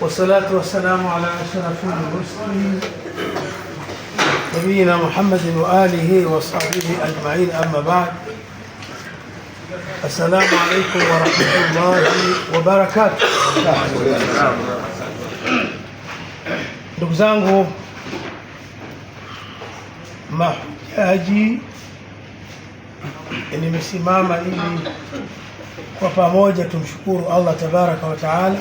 wassalatu wassalamu ala ashrafil mursalin nabiyina Muhammadin wa alihi ajmain, ama ba'd. Assalamu alaikum wa rahmatullahi wa Ndugu zangu mahujaji, nimesimama ili kwa pamoja tumshukuru Allah tabaraka wa taala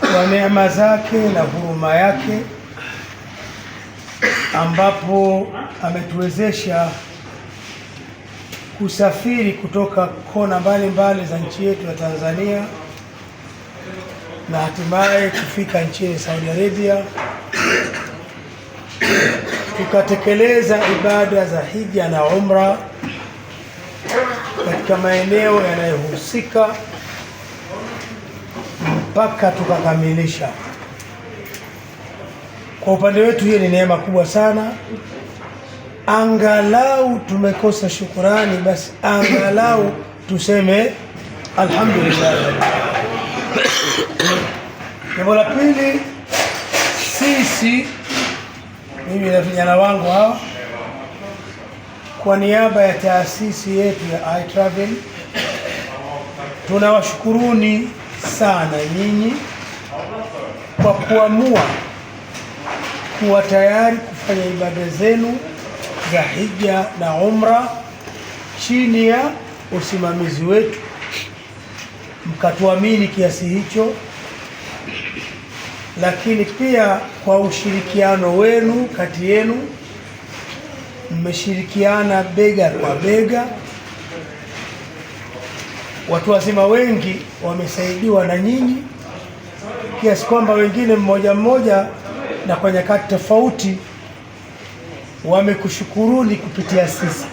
kwa neema zake na huruma yake ambapo ametuwezesha kusafiri kutoka kona mbalimbali za nchi yetu ya Tanzania na hatimaye kufika nchini Saudi Arabia tukatekeleza ibada za hija na umra katika maeneo yanayohusika mpaka tukakamilisha. Kwa upande wetu, hiyo ni neema kubwa sana. Angalau tumekosa shukurani, basi angalau tuseme alhamdulillah. Jambo la pili, sisi, mimi na vijana wangu hawa, kwa niaba ya taasisi yetu ya iTravel tunawashukuruni sana nyinyi kwa kuamua kuwa tayari kufanya ibada zenu za hija na umra chini ya usimamizi wetu, mkatuamini kiasi hicho, lakini pia kwa ushirikiano wenu kati yenu, mmeshirikiana bega kwa bega watu wazima wengi wamesaidiwa na nyinyi kiasi kwamba wengine mmoja mmoja na kwa nyakati tofauti wamekushukuruni kupitia sisi.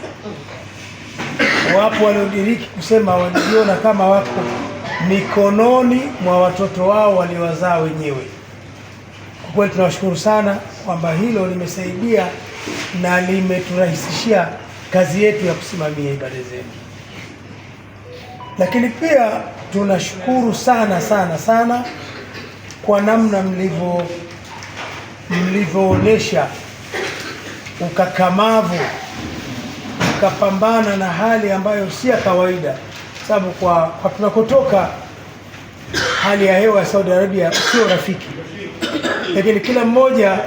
Wapo waliodiriki kusema wanajiona kama wako mikononi mwa watoto wao waliowazaa wenyewe. Kwa kweli tunawashukuru sana kwamba hilo limesaidia na limeturahisishia kazi yetu ya kusimamia ibada zetu. Lakini pia tunashukuru sana sana sana kwa namna mlivyo mlivyoonesha ukakamavu, ukapambana na hali ambayo si ya kawaida, sababu kwa, kwa tunakotoka hali ya hewa ya Saudi Arabia sio rafiki, lakini kila mmoja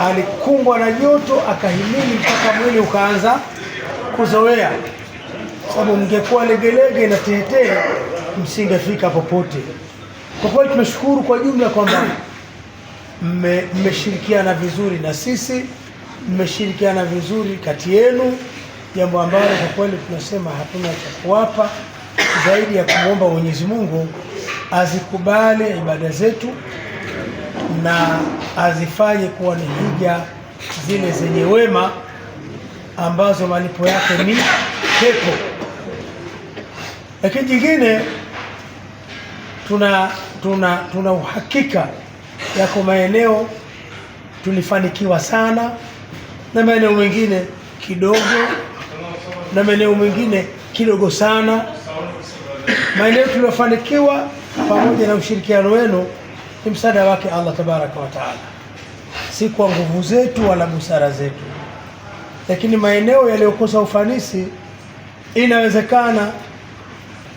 alikungwa na joto akahimili mpaka mwili ukaanza kuzoea sababu mngekuwa legelege na tehetee msingefika popote. Kwa kweli tumeshukuru kwa jumla kwamba mmeshirikiana vizuri na sisi, mmeshirikiana vizuri kati yenu, jambo ambalo kwa kweli tunasema hatuna cha kuwapa zaidi ya kumwomba Mwenyezi Mungu azikubali ibada zetu na azifanye kuwa ni hija zile zenye wema ambazo malipo yake ni pepo. Lakini jingine tuna tuna tuna uhakika yako maeneo tulifanikiwa sana na maeneo mengine kidogo na maeneo mengine kidogo sana. Maeneo tuliyofanikiwa pamoja na ushirikiano wenu ni msaada wake Allah tabaraka wa taala, si kwa nguvu zetu wala busara zetu, lakini maeneo yaliyokosa ufanisi inawezekana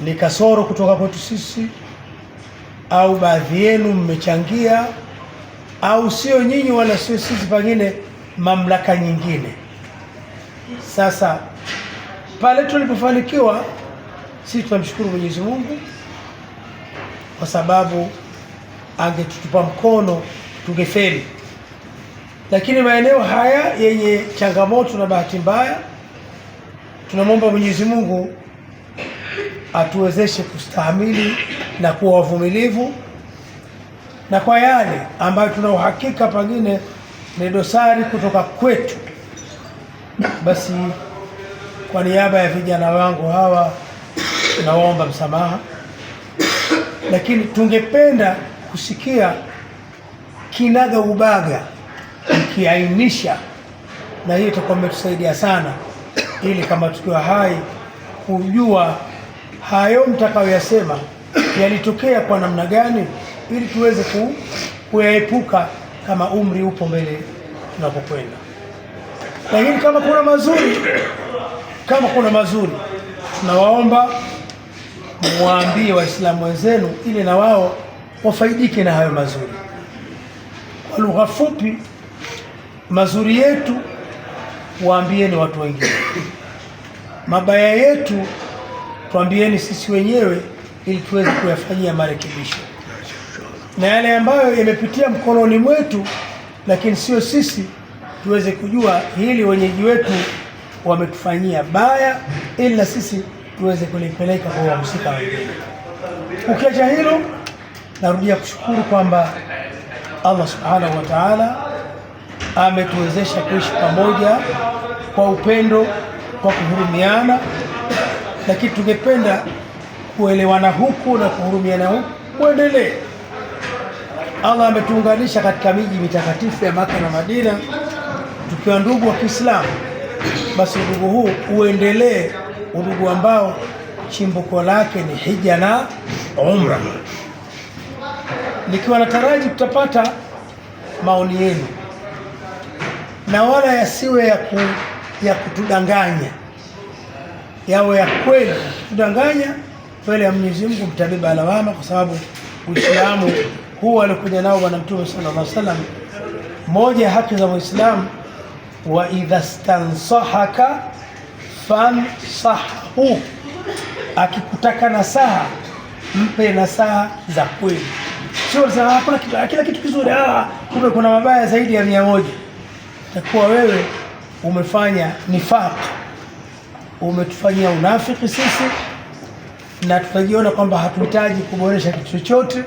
ni kasoro kutoka kwetu sisi au baadhi yenu mmechangia, au sio nyinyi wala sio sisi, pengine mamlaka nyingine. Sasa pale tulipofanikiwa sisi tunamshukuru Mwenyezi Mungu kwa sababu angetutupa mkono tungefeli, lakini maeneo haya yenye changamoto na bahati mbaya tunamwomba Mwenyezi Mungu atuwezeshe kustahamili na kuwa wavumilivu, na kwa yale ambayo tuna uhakika pengine ni dosari kutoka kwetu, basi kwa niaba ya vijana wangu hawa nawaomba msamaha, lakini tungependa kusikia kinaga ubaga ikiainisha na hiyo itakuwa imetusaidia sana, ili kama tukiwa hai kujua hayo mtakayoyasema yalitokea kwa namna gani, ili tuweze ku, kuyaepuka kama umri upo mbele tunapokwenda. Lakini kama kuna mazuri, kama kuna mazuri, tunawaomba muwaambie Waislamu wenzenu ili na wao wafaidike na hayo mazuri. Kwa lugha fupi, mazuri yetu waambieni watu wengine, mabaya yetu tuambieni sisi wenyewe ili tuweze kuyafanyia marekebisho, na yale ambayo yamepitia mkononi mwetu, lakini sio sisi, tuweze kujua hili wenyeji wetu wametufanyia baya, ili na sisi tuweze kulipeleka kwa wahusika wengine. Ukiacha hilo, narudia kushukuru kwamba Allah subhanahu wa taala ametuwezesha kuishi pamoja kwa upendo, kwa kuhurumiana lakini tungependa kuelewana huku na kuhurumiana huku kuendelee. Allah ametuunganisha katika miji mitakatifu ya Maka na Madina tukiwa ndugu wa Kiislamu, basi ndugu huu uendelee, udugu ambao chimbuko lake ni hija na umra. Nikiwa nataraji tutapata maoni yenu na wala yasiwe ya, ku, ya kutudanganya yawe ya kweli. Kudanganya mbele ya Mwenyezi Mungu mtabeba lawama, kwa sababu Uislamu huu alikuja nao Bwana Mtume sallallahu alaihi wasallam. Moja ya haki za Muislamu, wa idha stansahaka fansahu, akikutaka nasaha mpe nasaha za kweli, sio za Hakuna kitu, kila kitu kizuri, ah, kumbe kuna mabaya zaidi ya mia moja. takuwa wewe umefanya nifaki umetufanyia unafiki sisi, na tukajiona kwamba hatuhitaji kuboresha kitu chochote,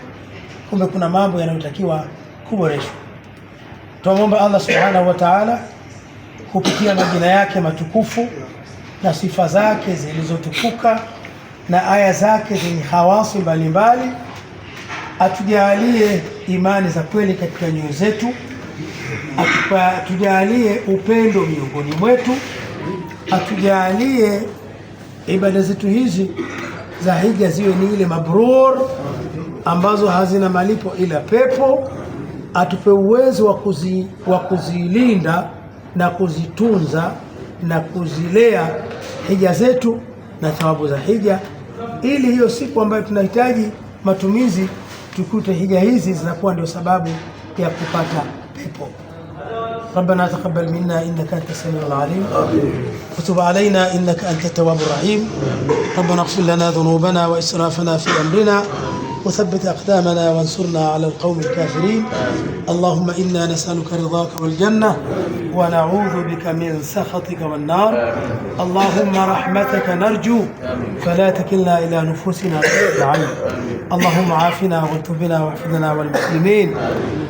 kumbe kuna mambo yanayotakiwa kuboreshwa. Tunamwomba Allah subhanahu wa taala kupitia majina yake matukufu na sifa zake zilizotukuka na aya zake zenye hawasi mbalimbali, atujalie imani za kweli katika nyoyo zetu, atujalie upendo miongoni mwetu. Hatujaalie ibada zetu hizi za hija ziwe ni ile mabrur ambazo hazina malipo ila pepo. Atupe uwezo wa kuzi, wa kuzilinda na kuzitunza na kuzilea hija zetu na thawabu za hija, ili hiyo siku ambayo tunahitaji matumizi tukute hija hizi zinakuwa ndio sababu ya kupata pepo. ربنا تقبل منا إنك أنت السميع العليم وتب علينا إنك أنت التواب الرحيم ربنا اغفر لنا ذنوبنا وإسرافنا في أمرنا وثبت أقدامنا وانصرنا على القوم الكافرين اللهم إنا نسألك رضاك والجنة ونعوذ بك من سخطك والنار اللهم رحمتك نرجو فلا تكلنا إلى نفوسنا بعين اللهم عافنا وتبنا واحفظنا والمسلمين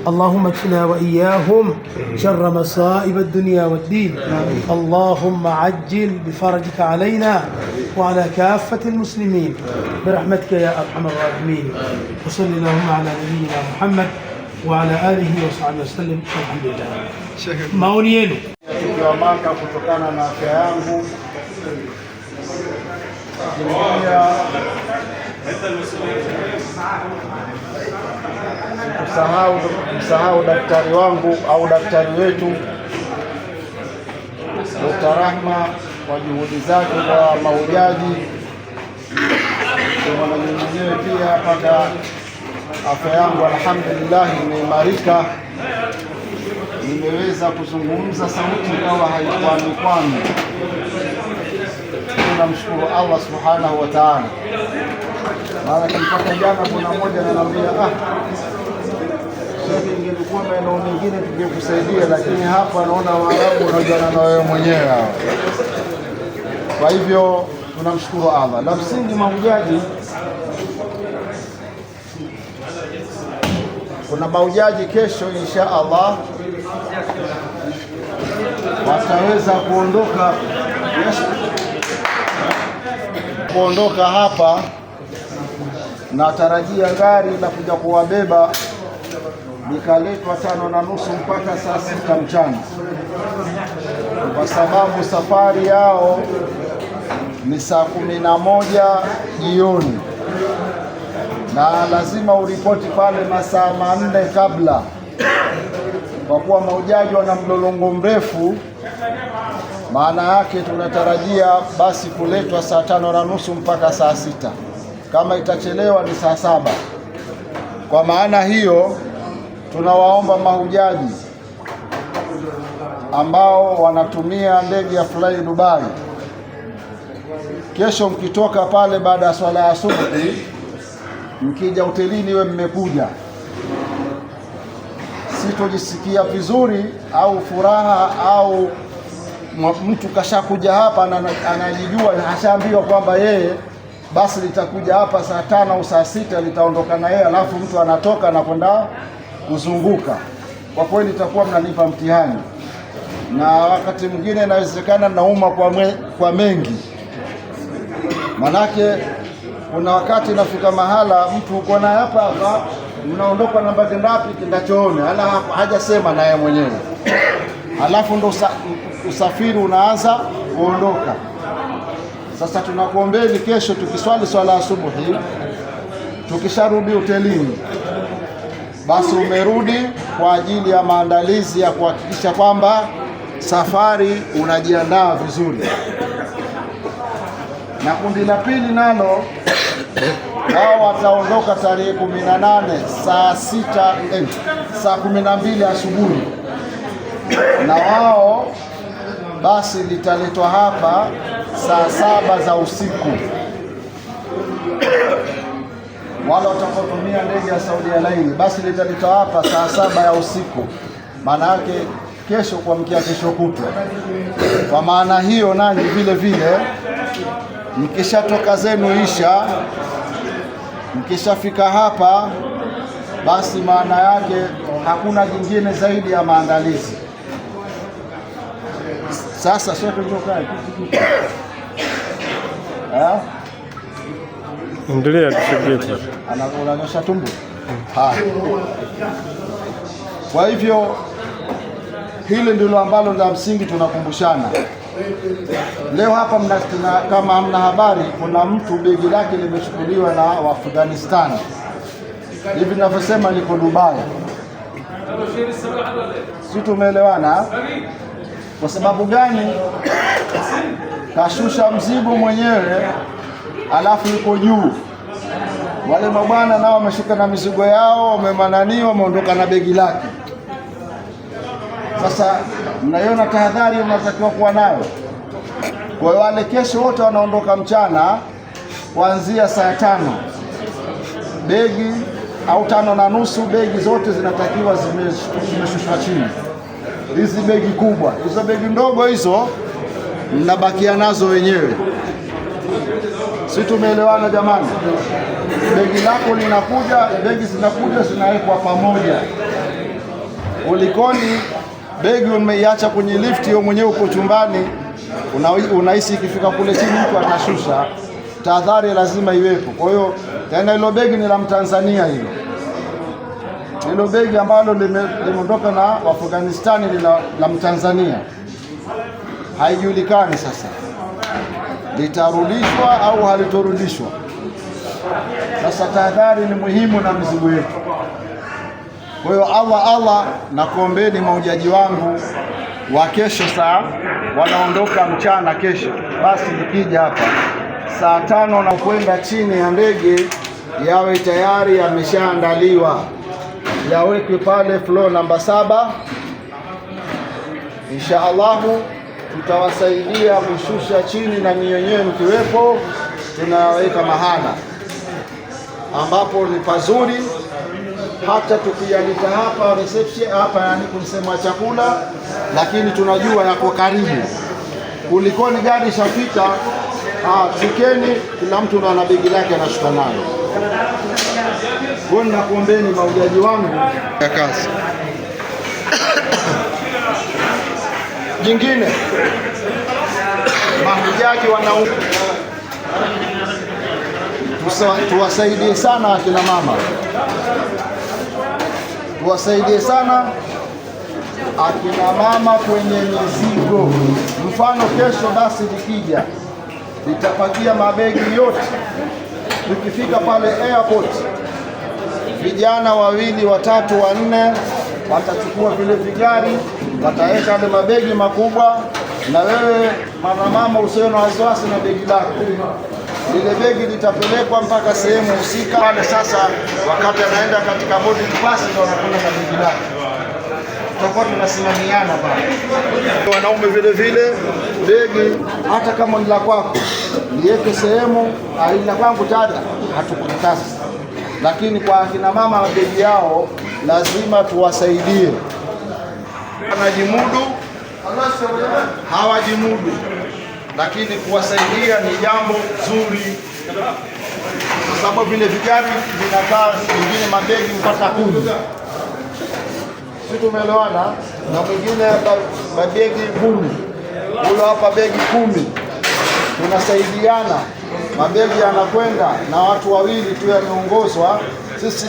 اللهم اكفنا وإياهم شر مصائب الدنيا والدين اللهم عجل بفرجك علينا وعلى كافة المسلمين برحمتك يا أرحم الراحمين وصل اللهم على نبينا محمد وعلى آله وصحبه وسلم الحمد لله maoni yenu kutokana na afya yangu msahau daktari wangu au daktari wetu Dr. Rahma kwa juhudi zake kwa mahujaji mwanangu mwenyewe pia, mpaka afya yangu alhamdulillah imeimarika, nimeweza kuzungumza sauti ikawa haikwami kwami. Tunamshukuru Allah subhanahu wa ta'ala. Maana tulipata jana, kuna moja ananiambia ah, ingelikuwa maeneo mengine tungekusaidia, lakini hapa naona Waarabu wanajana na wewe mwenyewe hao. Kwa hivyo tunamshukuru Allah. La msingi maujaji kuna maujaji kesho insha Allah wataweza kuondoka kuondoka hapa natarajia gari la kuja kuwabeba likaletwa tano na nusu mpaka saa sita mchana, kwa sababu safari yao ni saa kumi na moja jioni, na lazima uripoti pale masaa manne kabla, kwa kuwa maujaji wana mlolongo mrefu. Maana yake tunatarajia basi kuletwa saa tano na nusu mpaka saa sita kama itachelewa ni saa saba. Kwa maana hiyo, tunawaomba mahujaji ambao wanatumia ndege ya Fly Dubai, kesho mkitoka pale baada ya swala ya asubuhi, mkija hotelini, we mmekuja sitojisikia vizuri au furaha au mtu kashakuja hapa na anajijua hashaambiwa kwamba yeye basi litakuja hapa saa tano au saa sita litaondoka na yeye, alafu mtu anatoka na kwenda kuzunguka. Kwa kweli itakuwa mnanipa mtihani, na wakati mwingine inawezekana nauma kwa, mwe, kwa mengi manake kuna wakati nafika mahala mtu uko na hapa hapa, mnaondoka namba ngapi kindachoone, hala hajasema naye mwenyewe, alafu ndo usa, usafiri unaanza kuondoka. Sasa tunakuombeni kesho, tukiswali swala asubuhi, tukisharudi hotelini, basi umerudi kwa ajili ya maandalizi ya kuhakikisha kwamba safari unajiandaa vizuri. Na kundi la pili nalo wao wataondoka tarehe 18 saa sita eh, saa 12 asubuhi, na wao basi litaletwa hapa saa saba za usiku. Wale watakaotumia ndege ya Saudi Airline basi hapa saa saba ya usiku, maana yake kesho kuamkia kesho kutwa. Kwa maana hiyo, nanyi vile vile mkishatoka zenu isha, mkishafika hapa, basi maana yake hakuna jingine zaidi ya maandalizi. Sasa endelea eh? anaonyesha tumbo. Kwa hivyo hili ndilo ambalo la msingi tunakumbushana leo hapa mna, kama hamna habari, kuna mtu begi lake limechukuliwa na Waafghanistani hivi ninavyosema liko Dubai, si tumeelewana? Kwa sababu gani? Kashusha mzigo mwenyewe, alafu yuko juu. Wale mabwana nao wameshuka na mizigo yao, wamemanani, wameondoka na begi lake. Sasa mnaiona tahadhari unatakiwa kuwa nayo. Kwa hiyo wale kesho wote wanaondoka mchana kuanzia saa tano begi au tano na nusu, begi zote zinatakiwa zimeshushwa chini hizi begi kubwa, hizo begi ndogo hizo mnabakia nazo wenyewe. Si tumeelewana jamani? Begi lako linakuja, begi zinakuja zinawekwa pamoja. Ulikoni begi umeiacha kwenye lifti, wewe mwenyewe uko chumbani, unahisi ikifika kule chini mtu atashusha. Tahadhari lazima iwepo. Kwa hiyo tena, hilo begi ni la Mtanzania hilo. Nilo begi ambalo limeondoka na Waafghanistani la, la Mtanzania haijulikani sasa litarudishwa au halitorudishwa. Sasa tahadhari ni muhimu na mzigo wetu. Kwa hiyo Allah Allah, nakuombeni maujaji wangu wa kesho, saa wanaondoka mchana kesho, basi nikija hapa saa tano na kwenda chini ya ndege yawe tayari yameshaandaliwa yawekwe pale floor namba saba. Insha allahu tutawasaidia kushusha chini, na nyenyewe mkiwepo, tunaweka mahala ambapo ni pazuri. Hata tukiandika hapa reception hapa, yani kumsema chakula, lakini tunajua yako karibu kulikoni gari shapita. Ah, kila mtu ana begi lake anashuka nayo. Kwa ninakuombeni maujaji wangu ya kazi jingine, mahujaji wanaume tuwasaidie sana akina mama, tuwasaidie sana akina mama kwenye mizigo. Mfano, kesho basi likija litapakia mabegi yote Tukifika pale airport, vijana wawili watatu wanne watachukua vile vigari, wataweka ile mabegi makubwa, na wewe mama usiwe na wasiwasi na begi lako lile begi litapelekwa mpaka sehemu husika. Pale sasa, wakati anaenda katika boarding pass, ndio anakwenda na begi lake tutakuwa tunasimamiana Wanaume vile vile, begi hata kama ni la kwako liweke sehemu aina ah, kwangu dada, hatukutasa. Lakini kwa akina mama begi yao lazima tuwasaidie. anajimudu hawajimudu, lakini kuwasaidia ni jambo zuri, kwa sababu vile vigari vinakaa vingine mabegi mpaka kumi si tumeelewana, na mwingine mabegi kumi, ule hapa begi kumi, tunasaidiana mabegi yanakwenda na watu wawili tu yameongozwa. Sisi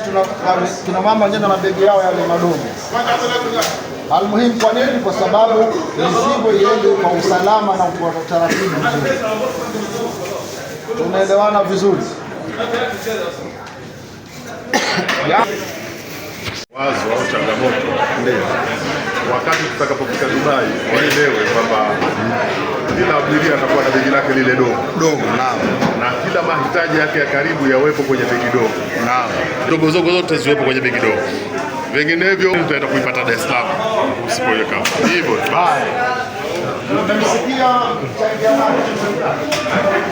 kina mama wengine na begi yao yale madogo. Almuhimu, kwa nini? Kwa sababu mizigo iende kwa usalama na kwa taratibu mzuri. Tunaelewana vizuri? wazo au changamoto wakati tutakapofika Dubai, waelewe kwamba kila abiria atakuwa na begi lake lile dogo dogo, naam, na kila mahitaji yake ya karibu yawepo kwenye begi dogo, naam, dogo zogo zote ziwepo kwenye begi dogo, vinginevyo utaenda kuipata Dar es Salaam usipoiweka hivyo. Bye.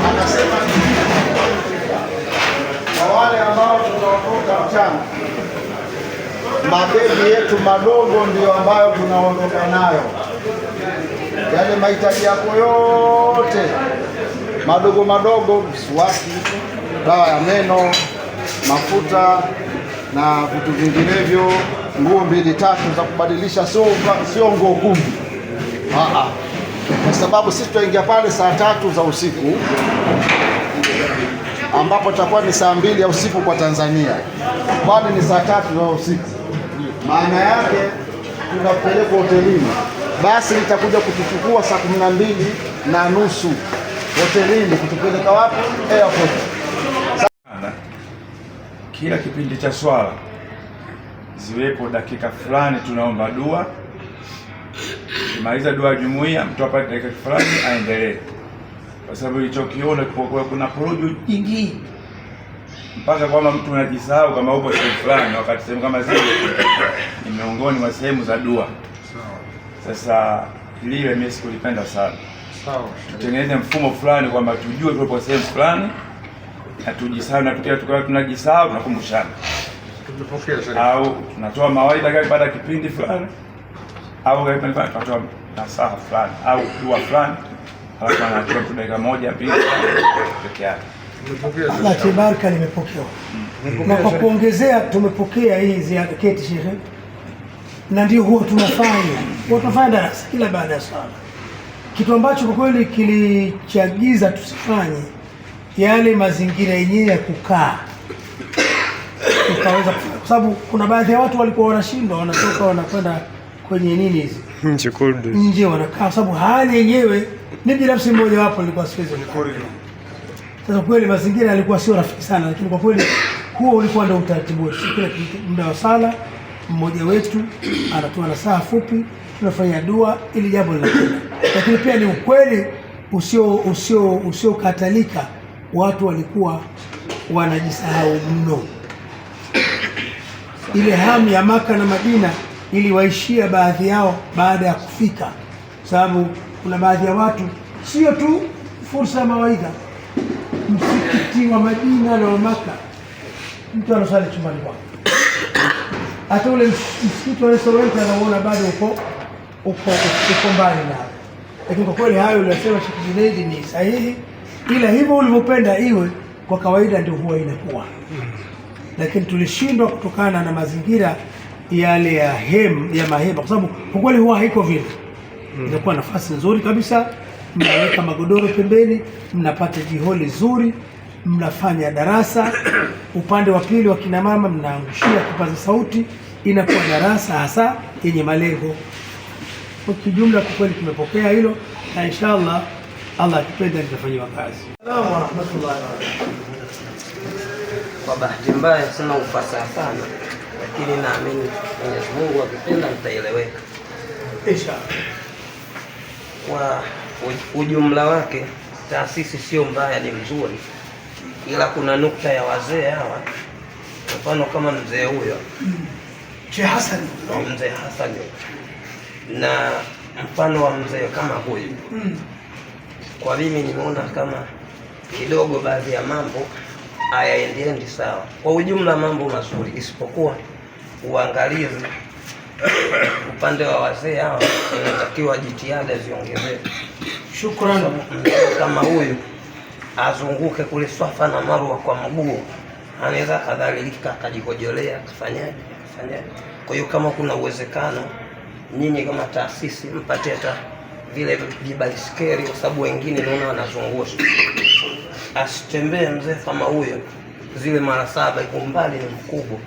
anasema kwa wale ambao tutaondoka mchana mabegi yetu madogo ndiyo ambayo tunaondoka nayo, yale mahitaji yako yote madogo madogo, mswaki, dawa ya meno, mafuta na vitu vinginevyo, nguo mbili tatu za kubadilisha, sio nguo kumi, kwa sababu sisi tutaingia pale saa tatu za usiku ambapo itakuwa ni saa mbili ya usiku kwa Tanzania, kwani ni saa tatu za usiku maana yake tunapeleka hotelini, basi litakuja kutuchukua saa kumi na mbili na nusu hotelini kutupeleka wapi? Airport. Kila kipindi cha swala ziwepo dakika fulani, tunaomba dua. Kimaliza dua ya jumuiya, mtu apate dakika fulani aendelee, kwa sababu ilichokiona kuna porojo nyingi mpaka kwamba mtu unajisahau kama upo sehemu fulani, wakati sehemu kama zile ni miongoni mwa sehemu za dua. Sasa lile mimi sikulipenda sana. Tutengeneze mfumo fulani kwamba tujue tupo sehemu fulani na tujisahau, na tukia tukawa tunajisahau tunakumbushana, au tunatoa mawaidha kali baada ya kipindi fulani, au tunatoa nasaha fulani au dua fulani, alafu anatoa dakika moja mbili peke yake la limepokewa na kwa kuongezea, tumepokea hii ziada keti shehe, na ndio huwa tunafanya huwa tunafanya darasa kila baada ya swala, kitu ambacho kwa kweli kilichagiza tusifanye yale mazingira yenyewe ya kukaa tukaweza kufanya, kwa sababu kuna baadhi ya watu walikuwa wanashindwa, wanatoka wanakwenda kwenye nini hizi nje, wanakaa kwa sababu hali yenyewe, ni binafsi mmoja wapo nilikuwa siwezi sasa kweli mazingira yalikuwa sio rafiki sana, lakini kwa kweli huo ulikuwa ndio utaratibu wetu. Kila muda wa sala, mmoja wetu anatoa na saa fupi, tunafanya dua ili jambo linakwenda. Lakini pia ni ukweli usio usio usiokatalika, watu walikuwa wanajisahau mno. Ile hamu ya Maka na Madina iliwaishia baadhi yao baada ya kufika, sababu kuna baadhi ya watu sio tu fursa ya mawaidha mwenyekiti wa Madina na Wamaka, mtu anasali chumbani kwake, hata ule msikiti wa Salawati anauona bado uko uko uko mbali na, lakini kwa kweli hayo uliyosema Sheikh Junaid ni sahihi, ila hivyo ulivyopenda iwe kwa kawaida ndio huwa inakuwa, lakini tulishindwa kutokana na mazingira yale ya hem ya mahema, kwa sababu kwa kweli huwa haiko vile. Hmm. Inakuwa nafasi nzuri kabisa, mnaweka magodoro pembeni, mnapata jiholi zuri mnafanya darasa, upande wa pili wa kina mama mnaangushia kipaza sauti, inakuwa darasa hasa yenye malengo. Kwa kijumla, kwa kweli tumepokea hilo na inshallah Allah akipenda litafanyiwa kazi. Salamu warahmatullahi Kwa bahati mbaya sina ufasaha sana, lakini naamini Mwenyezi Mungu akipenda nitaeleweka inshallah. Kwa ujumla wake, taasisi sio mbaya, ni mzuri ila kuna nukta ya wazee hawa, mfano kama mzee huyo mzee Hassan, mzee Hassan na mfano wa mzee kama huyu mm. Kwa mimi nimeona kama kidogo baadhi ya mambo hayaendiendi sawa, kwa ujumla mambo mazuri, isipokuwa uangalizi upande wa wazee hawa inatakiwa jitihada ziongezeke. Shukrani kama huyu azunguke kule Swafa na Marwa kwa mguu, anaweza kadhalika akajikojolea akafanyaje akafanyaje. Kwa hiyo kama kuna uwezekano, nyinyi kama taasisi mpate hata vile vibaiskeli, kwa sababu wengine naona wanazungusha. Asitembee mzee kama huyo, zile mara saba, iko mbali, ni mkubwa.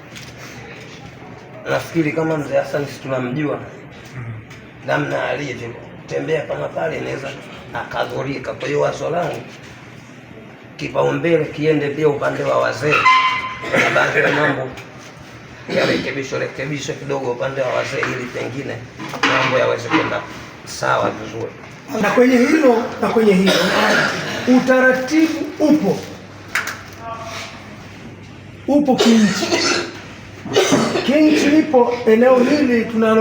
Nafikiri kama mzee Hassan si tunamjua namna alivyo tembea kama pale, inaweza akadhurika. Kwa hiyo wazo langu kipaumbele kiende pia upande wa wazee na baadhi ya mambo yarekebishwe rekebisho kidogo upande wa wazee, ili pengine mambo yaweze kwenda sawa vizuri. Na kwenye hilo na kwenye hilo utaratibu upo upo kinchi kinchi ipo eneo hili tunalo